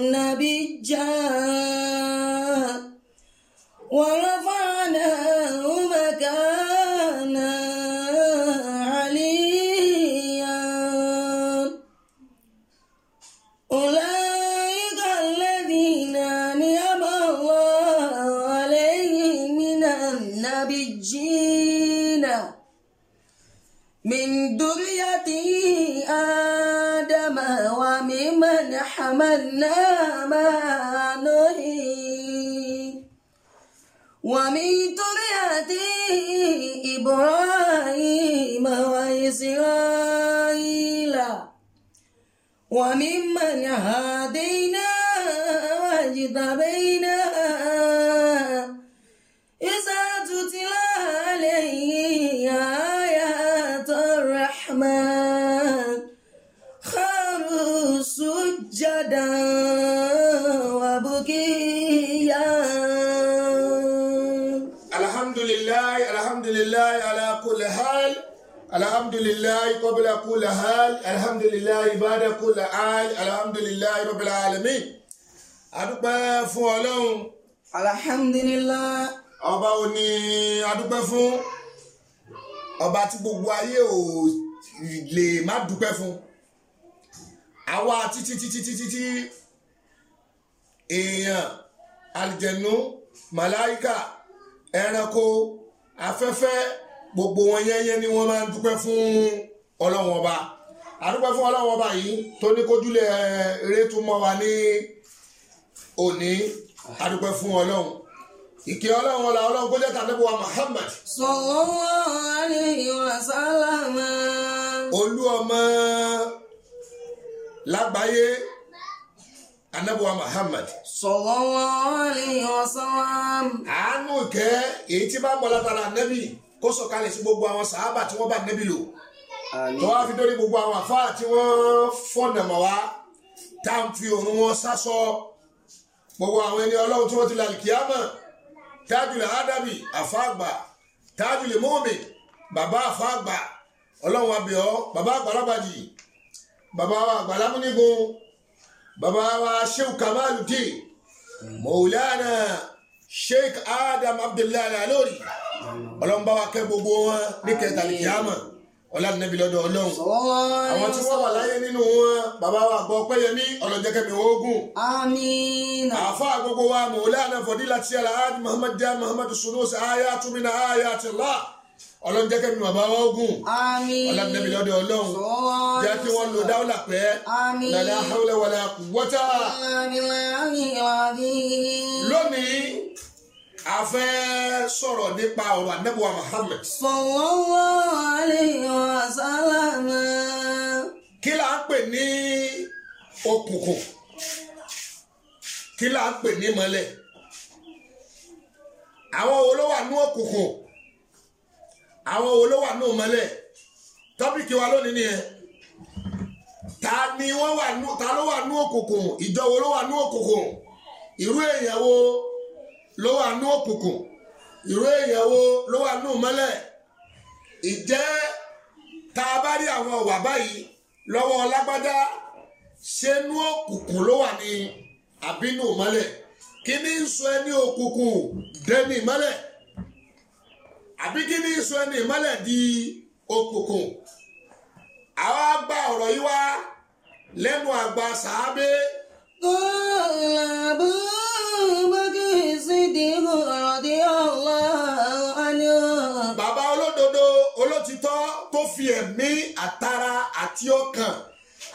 النبي جاء ومن ذريته إبراهيم وإسرائيل وممن هدينا واجتبينا alhamdulillahi alhamdulillahi ala kulli hal alhamdulillahi qabla kulli hal alhamdulillahi ba'da kulli hal alhamdulillahi rabbil alamin adúpẹ́ fún ọlọ́run. alhamdulillahi. ọba ò ní adúpẹ́ fún ọba tí gbogbo ayé ò lè má dúpẹ́ fún àwa títí títí títí èèyàn àlìjẹ̀nú màláíkà ẹranko afẹ́fẹ́ gbogbo wọn yẹ́yẹ́ ni wọ́n máa ń dúpẹ́ fún ọlọ́wọ́n ọba àdúpẹ́ fún ọlọ́wọ́n ọba yìí tó ní kójúlẹ̀ eré tún mọ́ wa ní òní àdúpẹ́ fún ọlọ́run ìkẹ́ ọlọ́run ọlá ọlọ́run kó jẹ́ tàbí wa Muhammad. sallallahu alaihi wasallam. olú ọmọ lágbàáyé anabuwa muhammad. sallallahu alayhi wa sallam. àánú ìkẹ́ èyí tí bá ń bọ̀ látara nẹ́bì kó sọ̀kalẹ̀ sí gbogbo àwọn sàábà tí wọ́n bá nẹ́bì lò. tó wá fi dórí gbogbo àwọn àfáà tí wọ́n fọ̀nà mọ̀ wá tá à ń fi òun wọn sásọ gbogbo àwọn ẹni ọlọ́run tí wọ́n ti lọ àlìkíyàmọ̀ tájùlẹ̀ ádámì àfáàgbà tájùlẹ̀ mọ́ọ̀mì bàbá àfáàgbà ọlọ́run àbíọ́ bàbá àgbàlagbàjì bàbá àgbàlámúnigun bàbá wa sheikh kamaludin maulana sheikh adam abdullahi alori ọlọ́nba wa kẹ́ gbogbo wọn ní kẹta ní kíámà ọlànàbí lọ́dọ̀ ọlọ́run àwọn tí wọ́n wà láyé nínú wọn bàbá wa àgbọ̀ pẹ́yẹmí ọlọ́jẹ́kẹ́mi ogun àmín àfa gbogbo wa maulana fọdílà tíyàrá muhammad dia muhammad sunusi ayatullah ayatullah ọlọ́run jẹ́ kẹ́mi bàbá wa ogun ọlọ́dúnrún lọ́dọ̀ ọlọ́run jẹ́ kí wọ́n lo dáwọ́là pẹ́ lálẹ́ àhọ́lẹ̀ wàlẹ́ àkùwọ́tà. lónìí a fẹ́ sọ̀rọ̀ nípa ọ̀rọ̀ anábùwà Muhammad. sallallahu alaihi wa sallam. kí la ń pè ní òkùnkùn kí la ń pè ní mọ́lẹ̀ àwọn olówó àánú òkùnkùn. àwọn wo ló wà ní òmọ́lẹ̀ tọ́pìkì wa lónìí nìyẹn ta ni wọ́n wà nú ta ló wà nú òkùnkùn ìjọ wo ló wà nú òkùnkùn irú èèyàn wo ló wà nú òkùnkùn èèyàn wo ló wà nú òmọ́lẹ̀ ìjẹ́ ta bá rí àwọn ọ̀wà báyìí lọwọ lágbádá ṣé nú òkùnkùn ló wà ní àbínú kí ni ń sọ òkùnkùn àbí kí ní sọ ẹni ìmọ́lẹ̀ di òkùnkùn àwa gba ọ̀rọ̀ yìí wá lẹ́nu àgbà sàábé. kọ́lá bó bákì sídi ọ̀rọ̀ di ọ̀la àlẹ́ bàbá olódodo olótìtọ́ tó fi ẹ̀mí àtara àti ọkàn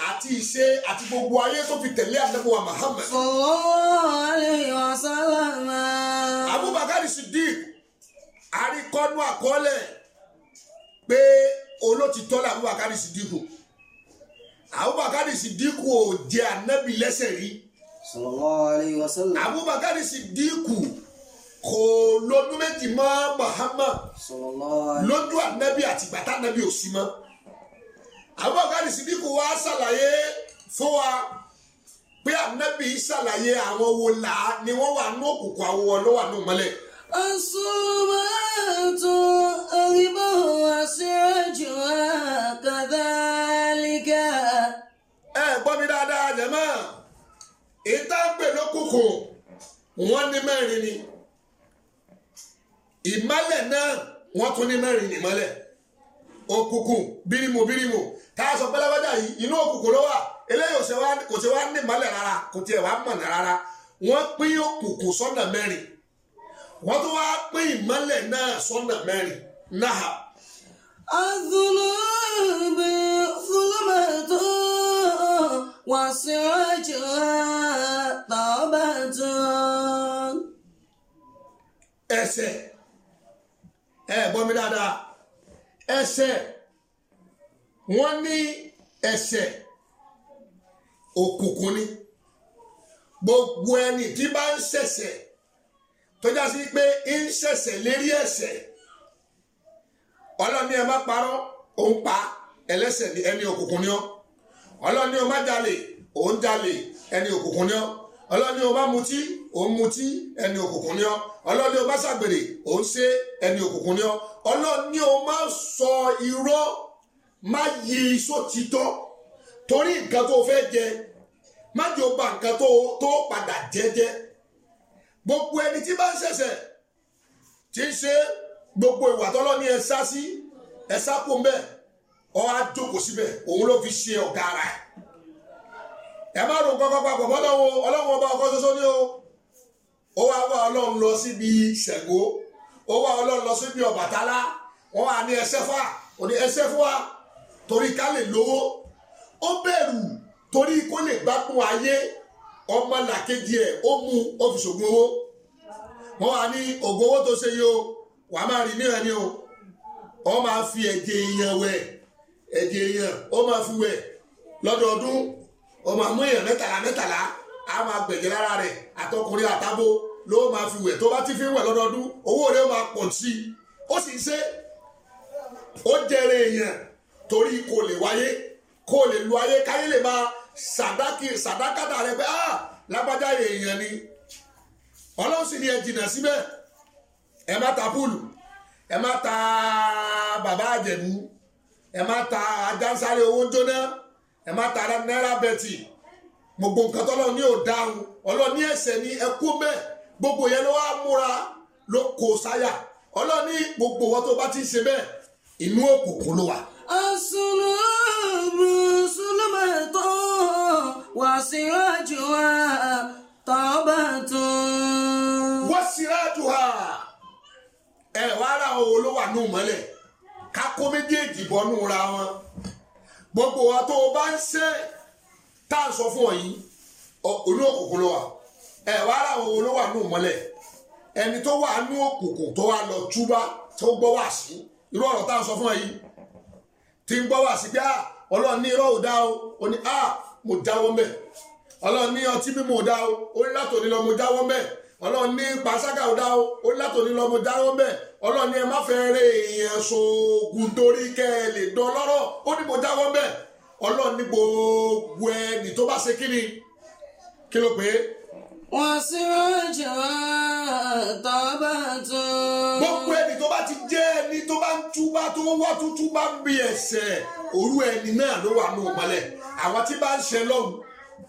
àti ìṣe àti gbogbo ayé tó fi tẹ̀lé àdébùwà Muhammad. sallallahu alaihi wasallam. Abubakar Siddiq àríkọ́nú àkọọ́lẹ̀ pé olótìtọ́ làwọn Abubakar Sidiku Abubakar Sidiku ò jẹ ànábì lẹ́sẹ̀ rí sallallahu alaihi wasallam Abubakar Sidiku kò lọ́dún méjì mọ́ Muhammad lójú ànábì àtìgbà tánábì ò sí mọ́ Abubakar Sidiku wá ṣàlàyé fún wa pé ànábì ṣàlàyé àwọn wo là ni wọ́n wà ní òkùnkùn àwọn ọlọ́wà ní òmọ́lẹ̀. الصومات الغبا سرجها كذلك ẹ gbọ́ mi dáadáa ní mẹ́rin ni náà wọ́n tún ní mẹ́rin ìmálẹ̀, òkùnkùn bírímù tá a sọ yìí inú eléyìí kò ṣe wá ní ìmọ́lẹ̀ rárá kò tiẹ̀ wá rárá òkùnkùn sọ́nà mẹ́rin wọ́n tún wá pín ìmọ́lẹ̀ náà sọ́nà mẹ́rin náà. azulubi fulumato wàsíwájú tọ́bàtú. ẹsẹ̀ ẹ gbọ́ mi dáadáa ẹsẹ̀ wọ́n ní ẹsẹ̀ òkùnkùn ni gbogbo ẹni tí bá ń ṣẹ̀ṣẹ̀ tó já sí pé ń ṣẹ̀ṣẹ̀ lérí ẹ̀ṣẹ̀ ọlọ́ni ẹ má parọ́ òun pa ẹlẹ́ṣẹ̀ ní ẹni òkùnkùn ni ọ́ ọlọ́ni o má jalè òun jalè ẹni òkùnkùn ni ọ́ ọlọ́ni o má mutí òun mutí ẹni òkùnkùn ni ọ́ ọlọ́ni o má ṣàgbèrè òun ṣe ẹni òkùnkùn ni ọ́ ọlọ́ni o má sọ irọ́ má yí sótítọ́ torí nǹkan tó fẹ́ jẹ má jò nǹkan tó padà jẹ́ gbogbo ẹni tí bá ń ṣẹ̀ṣẹ̀ tí ń ṣe gbogbo ìwà tọ́lọ́ ní ẹ̀sá sí ẹ̀sá kò mbẹ́ ọ́ á jókòó síbẹ̀ òun ló fi ṣe ọ̀gá ara ẹ̀ ẹ má rò nǹkan kan papọ̀ mọ́lọ́wọ́ ọlọ́run ọba ọkọ ṣoṣo ní o ó wá wá ọlọ́run lọ síbi Ṣàngó ó wá ọlọ́run lọ síbi Ọbàtálá wọ́n wà ní ẹsẹ́ fún wa ò ní ẹsẹ́ fún wa torí ká lè lówó ó bẹ̀rù torí kó lè gbádùn ayé ọmọ làkejì ẹ̀ ó mú ó fi ṣògùn owó wọ́n wà ní ògùn owó tó ṣe yìí o wà á máa rí ní ẹni o ọ máa fi ẹ̀jẹ̀ èèyàn wẹ̀ ẹ̀jẹ̀ èèyàn ó máa fi wẹ̀ lọ́dọọdún ọ máa mú èèyàn mẹ́tàlá mẹ́tàlá á máa gbẹ̀jẹ̀ lára rẹ̀ àtọkùnrin àtabo ló máa fi wẹ̀ tó bá ti fi wẹ̀ lọ́dọọdún owó rẹ̀ máa pọ̀ sí i ó sì ń ṣe ó jẹrẹ èèyàn torí kò lè wáyé kò lè lu ayé káyé lè máa sàdákì sàdákàtà rẹ pé ah lágbájá èèyàn ni ọlọ́run sì ni ẹ jìnnà síbẹ̀ ẹ má ta púùlù ẹ má ta bàbá àjẹ̀mú ẹ má ta ajánsáré owó jóná ẹ má ta náírà bẹ́tì gbogbo nǹkan tọ́lọ́ ní ò dáhùn ọlọ́run ní ni ẹ kú mẹ́ gbogbo yẹn ló wá múra ló kó sáyà ọlọ́run gbogbo wọn tó bá ti ṣe bẹ́ẹ̀ inú òkùnkùn ló wà. àsùnwòn rùsùn ló máa وسراجها طابة وسراجها ẹ ló wà nù mọ́lẹ̀ méjèèjì ra wọn gbogbo wa tó o bá ń ṣe tá a sọ fún ọ yìí olú òkùnkùn wà ló wà nù ẹni tó wà nù òkùnkùn tó wà lọ túbá tó gbọ́ wà sí irú ọ̀rọ̀ mo jáwọ́ mbẹ̀ ọlọ́run ní ọtí mímu dá o ó ní látòní lọ mo jáwọ́ mbẹ̀ ọlọ́run ní pàṣágà dá o ó ní látòní lọ mo jáwọ́ mbẹ̀ ọlọ́run ní ẹ má fẹ́ rẹ èèyàn ṣoògùn torí kẹ́ ẹ lè dán lọ́rọ̀ ó ní mo jáwọ́ mbẹ̀ ọlọ́run ní gbogbo ẹni tó bá ṣe kí ni kí ló pé wọ́n sì rọ́jò tọ́ba tó. gbogbo ẹni tó bá ti jẹ́ ẹni tó bá ń túbá tó wá tútú bá ń bí ẹsẹ̀ òru ẹni náà ló wà ní òpalẹ̀ àwọn tí bá ń ṣe lọ́hùn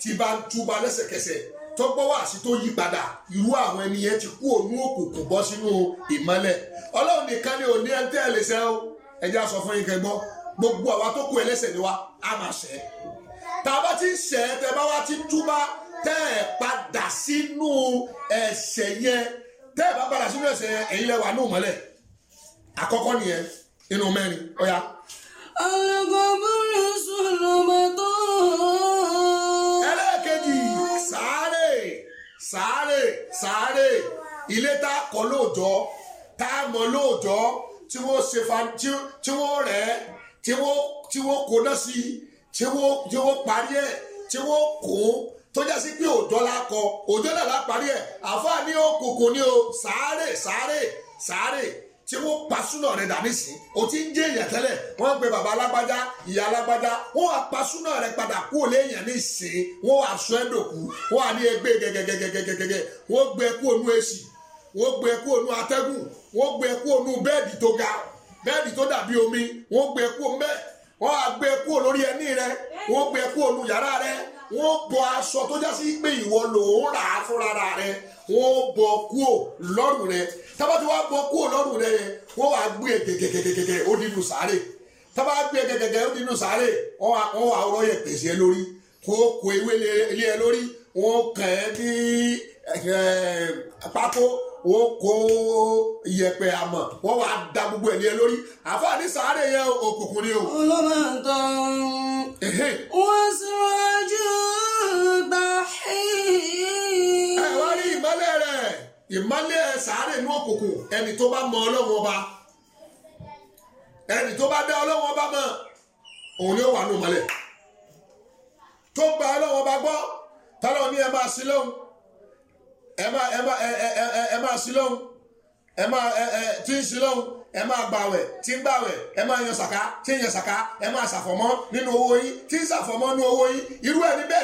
tí bá ń túba lẹ́sẹ̀kẹsẹ̀ tọ́gbọ́ wà sí tó yí padà irú àwọn ẹni yẹn ti kú òun òkùnkùn bọ́ sínú ìmọ́lẹ̀ ọlọ́run nìkan ni òní ẹni tẹ́ ẹ lè ṣe o ẹ aṣọ fún yín kẹgbọ́ gbogbo àwa tó kú ẹlẹ́ṣẹ̀ ni wa á máa ṣẹ̀ tá a bá ti ń ṣẹ̀ tẹ́ bá wá ti túbá tẹ́ ẹ padà sínú ẹ̀ṣẹ̀ yẹn tẹ́ ẹ bá padà sínú ẹ̀ṣẹ̀ yẹn èyí lẹ ní ìmọ́lẹ̀ àkọ́kọ́ nìyẹn inú mẹ́rin ó sàárè sàárè ilé tá a kọ́ lóòjọ́ tá a mọ̀ lóòjọ́ tí wọ́n ṣe fa tí wọ́n rẹ̀ tí wọ́n tí wọ́n kó náà sí tí wọ́n tí wọ́n parí ẹ̀ tí wọ́n kó tó já sí pé òòjọ́ la kọ òòjọ́ náà la parí ẹ̀ àfáà ní òkùnkùn ní o sàárè sàárè sàárè tí wọ́n pa súnà rẹ̀ dání sí o ti ń jẹ́ èèyàn tẹ́lẹ̀ wọ́n pe bàbá alágbájá ìyá alágbájá wọ́n wá pa súnà rẹ̀ padà kú ò léèyàn ní ìsìn wọ́n wá sọ ẹ́ dòkú wọ́n wá ní ẹgbẹ́ gẹ́gẹ́gẹ́gẹ́gẹ́gẹ́ wọ́n gbé kú ònú èsì wọ́n gbé kú ònú atẹ́gùn wọ́n gbé kú ònú bẹ́ẹ̀dì tó ga bẹ́ẹ̀dì tó dàbí omi wọ́n gbé kú ònú bẹ́ẹ̀ wọ́n á gbé kú lórí ẹní rẹ wọ́n gbé kú ònú yàrá rẹ wọ́n bọ aṣọ tó jásí pé ìwọ lòún rà á fúnra rẹ wọ́n bọ̀ kúò lọ́rùn rẹ tábà tí wọ́n bọ̀ kúò lọ́rùn rẹ wọ́n wàá gbé e gẹ́gẹ́gẹ́gẹ́ ó nínú sáré tábà gbé e gẹ́gẹ́gẹ́ ó nínú sáré wọ́n wàá rọ́ yẹ pèsè ẹ lórí kó kó ewé lé ẹ lórí wọ́n kàn ẹ́ ní eh, pákó wọ́n kó iyẹ̀pẹ̀ àmọ́ wọ́n wàá da gbogbo ẹ̀ lé ẹ lórí àfààní sáré yẹn òkùnkùn ni o. olóòmọ̀ tán wọ́n sọ ọjọ́ bá ṣe ìmọ́lẹ̀ rẹ̀ ìmọ́lẹ̀ sàárè ní òkùnkùn ẹni tó bá mọ ọlọ́run ọba ẹni tó bá dá ọlọ́run ọba mọ̀ òun ni wà ní ìmọ́lẹ̀ tó gba ọlọ́run ọba gbọ́ tọ́lọ́ ní ẹ máa sí lóhun ẹ máa ẹ máa ẹ máa sí lóhun ẹ máa ẹ ẹ tí ń sí lóhun ẹ máa gbàwẹ̀ tí ń gbàwẹ̀ ẹ máa yan sàká tí ń yan sàká ẹ máa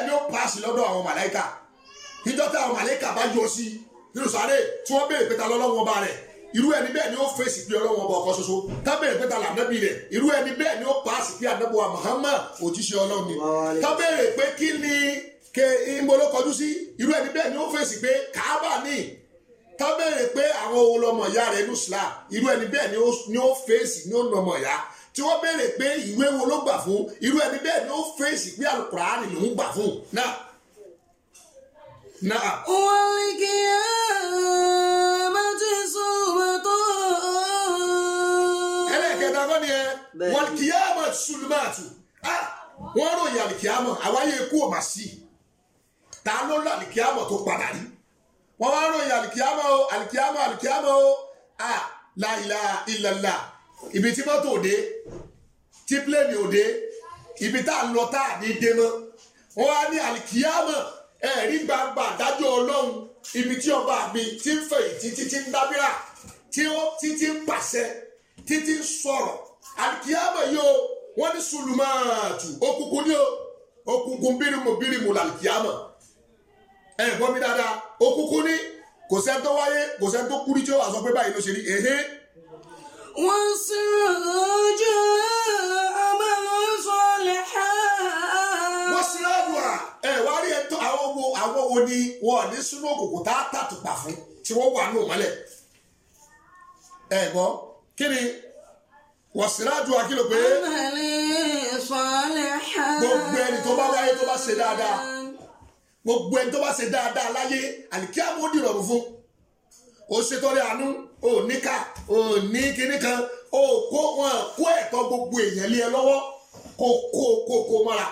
ni paasi lọ́dọ̀ àwọn màláìka níjọ́ tí àwọn màlẹ́kà bá yọ sí nínú sáré tí wọ́n béèrè pété lọ́wọ́ ọba rẹ̀ irú ẹni bẹ́ẹ̀ ni ó fèsì pé ọlọ́wọ́ ọba ọ̀kan ṣoṣo tábẹ̀rẹ̀ pété lànàbí rẹ̀ irú ẹni bẹ́ẹ̀ ni ó paasi pé àdàbọ̀wá Muhammad òjíṣẹ́ Ọlọ́run ni tábẹ̀rẹ̀ pé kí ni ke ìmọ̀ló kọjú sí irú ẹni bẹ́ẹ̀ ni ó fèsì pé Káàbà ni tábẹ̀rẹ̀ pé àwọn olọmọ ìyá rẹ̀ ní Islam irú ẹni bẹ́ẹ̀ ni ó fèsì ní ó nọmọ ìyá tí wọ́n béèrè pé ìwé wo ló gbà fún irú ẹni bẹ́ẹ̀ ni ó fèsì pé Al-Kùránì ló ń gbà fún náà. نعم والقيامة ظلمات ẹlẹ́kẹ̀ẹ́ta kọ́ ni ẹ wọ́lkíyàmọ̀ sùlùmáàtù wọ́n ròyìn àlìkíyàmọ̀ àwáyé ikú ò máa sí ta ló lọ àlìkíyàmọ̀ tó padà rí wọ́n wá ròyìn àlìkíyàmọ̀ o àlìkíyàmọ̀ àlìkíyàmọ̀ o à láìla ìlàlà ibi tí mọ́tò òde tí pílẹ̀nì òde ibi tá à lọ tá à ní dé mọ́ wọ́n wá ní àlìkíyàmọ̀ ẹ̀rí gbangba àdájọ́ ọlọ́run ibi tí ọba mi ti ń fẹ̀yìntì títí ń dábírà tí ó títí ń pàṣẹ títí ń sọ̀rọ̀ àlìkíyàmọ̀ yìí o wọ́n ní sùlùmáàtù òkùnkùn ní o òkùnkùn bírimù bírimù làlìkíyàmọ̀ ẹ̀ gbọ́ mi dáadáa òkùnkùn ní kò sẹ́ni tó wáyé kò sẹ́ni tó kú tí ó wà sọ pé báyìí ló ṣe rí. wọ́n sọ̀rọ̀ ọjọ́ àwọn òní wọn ò ní sínú òkùnkùn tá a tàtùpà fún tí wọ́n wà ní òmọ́lẹ̀ ẹ gbọ́ kí ni wọ́n sì akílò pé gbogbo ẹni tó bá láyé tó bá ṣe dáadáa gbogbo ẹni tó bá ṣe dáadáa láyé àlìkíyàmó dìrọ̀rùn fún o ṣètọ́rẹ́ àánú o níkà o ní kinní kan o kó wọn kó ẹ̀tọ́ gbogbo èèyàn lé ẹ lọ́wọ́ kó kó kó kó mọ́ra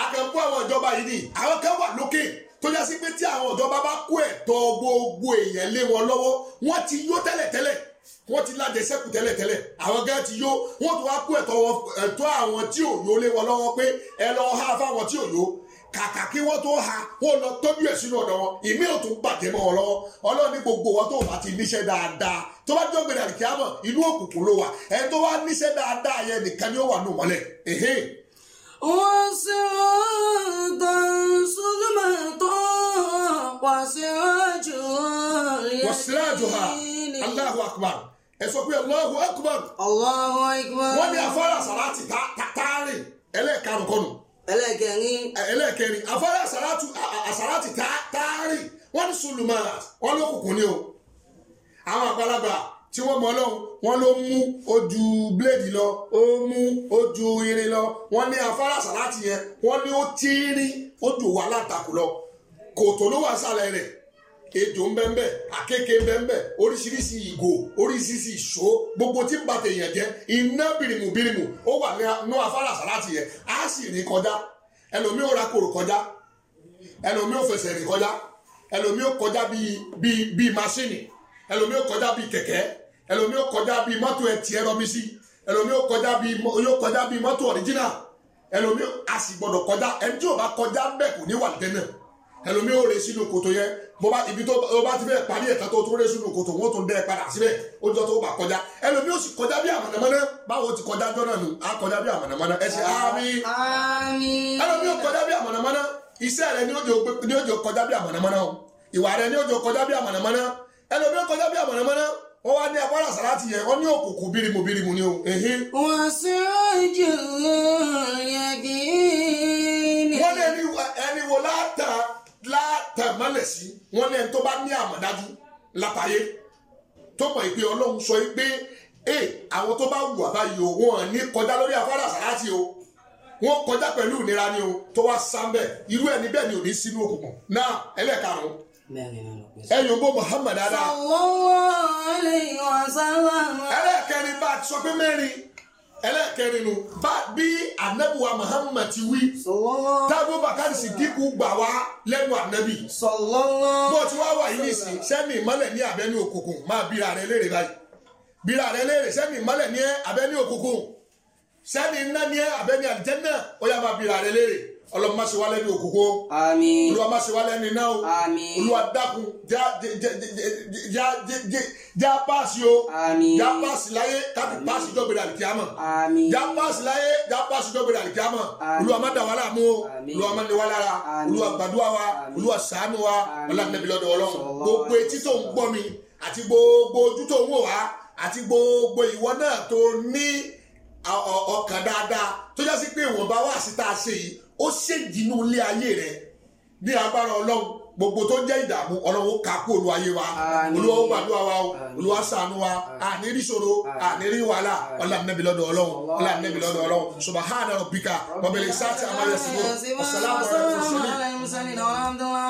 akẹ́kọ̀ọ́ àwọn ìjọba yìí ni àwọn kan wà lókè tó yá sí pé tí àwọn ìjọba bá kó ẹ̀tọ́ gbogbo èèyàn lé wọn lọ́wọ́ wọ́n ti yó tẹ́lẹ̀tẹ́lẹ̀ wọ́n ti lájẹ sẹ́kù tẹ́lẹ̀tẹ́lẹ̀ àwọn gan ti yó wọ́n ti wá kó ẹ̀tọ́ ẹ̀tọ́ àwọn tí ò yó lé wọn lọ́wọ́ pé ẹ lọ ha fáwọn tí ò yó kàkà kí wọ́n tó ha wọ́n lọ tọ́jú ẹ̀ sínú ọ̀dọ̀ wọn ìmí ò tún bàjẹ́ mọ́ wọn lọ́wọ́ ọlọ́ọ̀ni gbogbo wọn tó bá ti níṣẹ́ dáadáa tó bá jọ gbẹdàgbẹ́ àmọ́ inú òkùnkùn ló wà ẹ̀ tó wá níṣẹ́ dáadáa yẹn nìkan ni ó wà nù mọ́lẹ̀ وسراجا صدمة وسراجها وسراجها الله أكبر ẹ sọ pé Allahu Akbar. Allahu Akbar. wọ́n ní afárá sàrátì tààrin ẹlẹ́ẹ̀karùn kọ́nù. ẹlẹ́ẹ̀kẹrin. ẹlẹ́ẹ̀kẹrin afárá sàrátì tààrin wọ́n ní sùlùmọ́ wọn lókùnkùn ni o àwọn àgbàlagbà tí wọ́n mọ ọlọ́run wọ́n ló mú ojú bíléèdì lọ ó mú ojú irin lọ wọ́n ní afárá sàláàtì yẹn wọ́n ní ó tíírín ó dùn wá látakò lọ kòtò ló wà sálẹ̀ rẹ̀ ejò ńbẹ́ńbẹ́ àkékè ńbẹ́ńbẹ́ oríṣiríṣi ìgò oríṣiríṣi ìṣó gbogbo tí ń bàtẹ̀ èèyàn jẹ́ iná bìrìmù bìrìmù ó wà ní afárá sàláàtì yẹn á sì rìn kọjá ẹlòmíì ó ra kòrò kọjá ẹlòmíì ó fẹsẹ̀ rìn kọjá ẹlòmíì ó kọjá bíi bíi bíi máṣíìnì ẹlòmíì ó kọjá bíi kẹ̀kẹ́ ẹlòmí ó kọjá bíi mọ́tò ẹtì ẹrọ mi sí ẹlòmí ó kọjá bíi yóò kọjá bíi mọ́tò ọ̀ríjínà ẹlòmí a sì gbọdọ̀ kọjá ẹni tí ò bá kọjá bẹ́ẹ̀ kò ní wà lẹ́nà ẹlòmí ó re sínú kòtò yẹn bó bá ibi tó o bá ti fẹ́ parí ẹ̀ka tó tún re sínú kòtò wọ́n tún dẹ́ ẹ padà síbẹ̀ ó jọ tó bá kọjá ẹlòmí ó sì kọjá bí àmọ̀nàmọ́ná báwo ti kọjá jọ́nà nù á kọjá bí àmọ̀nàmọ́ná ẹ ṣe àmín ẹlòmí ó bí àmọ̀nàmọ́ná ẹlòmí ó bí àmọ̀nàmọ́ná wọ́n wá ní abọ́lá sàláàtì yẹn wọ́n ní òkùnkùn bírimù bírimù ni o. wọ́n sọ jù yàgì ni. wọ́n ní ẹni ẹni wo látàn látàn mọ́lẹ̀ sí wọ́n ní ẹni tó bá ní àmọ̀dájú látàyé tó mọ̀ pé ọlọ́run sọ pé ee àwọn tó bá wù àbáyé o wọ́n ní kọjá lórí afárá sàláàtì o wọ́n kọjá pẹ̀lú ìnira ni o tó wá sáńbẹ̀ irú ẹni bẹ́ẹ̀ ni ò ní sínú òkùnkùn náà ẹlẹ́ẹ̀karùn-ún ẹ̀yìn ògbó Muhammad dada. ẹlẹ́kẹ̀rin bá a ti sọ pé mẹ́rin ẹlẹ́kẹ̀rin nu bá bí anabiwa Muhammad ti wí tábú bàkàrì sì dínkù gbà wá lẹ́nu anabi. bó ti wá wà yìí sí sẹ́mi ìmọ̀lẹ̀ ní abẹ́ni òkùnkùn máa bíra rẹ léèrè báyìí bíra rẹ léèrè sẹ́mi ìmọ̀lẹ̀ ní abẹ́ni òkùnkùn sẹ́mi iná ní abẹ́ni àlìjẹ́nnà ó yá máa bíra rẹ léèrè ọlọ́run má ṣe wá lẹ́ni òkòkò àmín olúwa má ṣe wá lẹ́ni iná o àmín olúwa dákun já páàsì o àmín já páàsì láyé káàdì páàsì jọ̀gbìn àlìkíámọ̀ àmín já páàsì láyé já páàsì jọ̀gbìn àlìkíámọ̀ olúwa má dà wá láàmú o olúwa má ní wá lára olúwa gbàdúrà wa olúwa ṣàánú wa ọlọ́run nàbí lọ́dọ̀ ọlọ́run gbogbo etí tó ń gbọ́ mi àti gbogbo ojú tó ń wò wá àti gbogbo ìwọ náà tó ní ọkàn dáadáa tó jásí pé ìwọ̀nba wà síta ṣe yìí ó ṣèjì inú ilé ayé rẹ ní agbára ọlọ́run gbogbo tó jẹ́ ìdààmú ọlọ́run ó kó olú ayé wa olúwa ó gbàdúrà wa o olúwa ṣàánú wa àníri ṣòro àníri wàhálà ọlànàbí lọ́dọ̀ ọlọ́run ọlànàbí lọ́dọ̀ ọlọ́run subahana rabbika wa bil izzati amma yasifun wassalamu ala al-mursalin.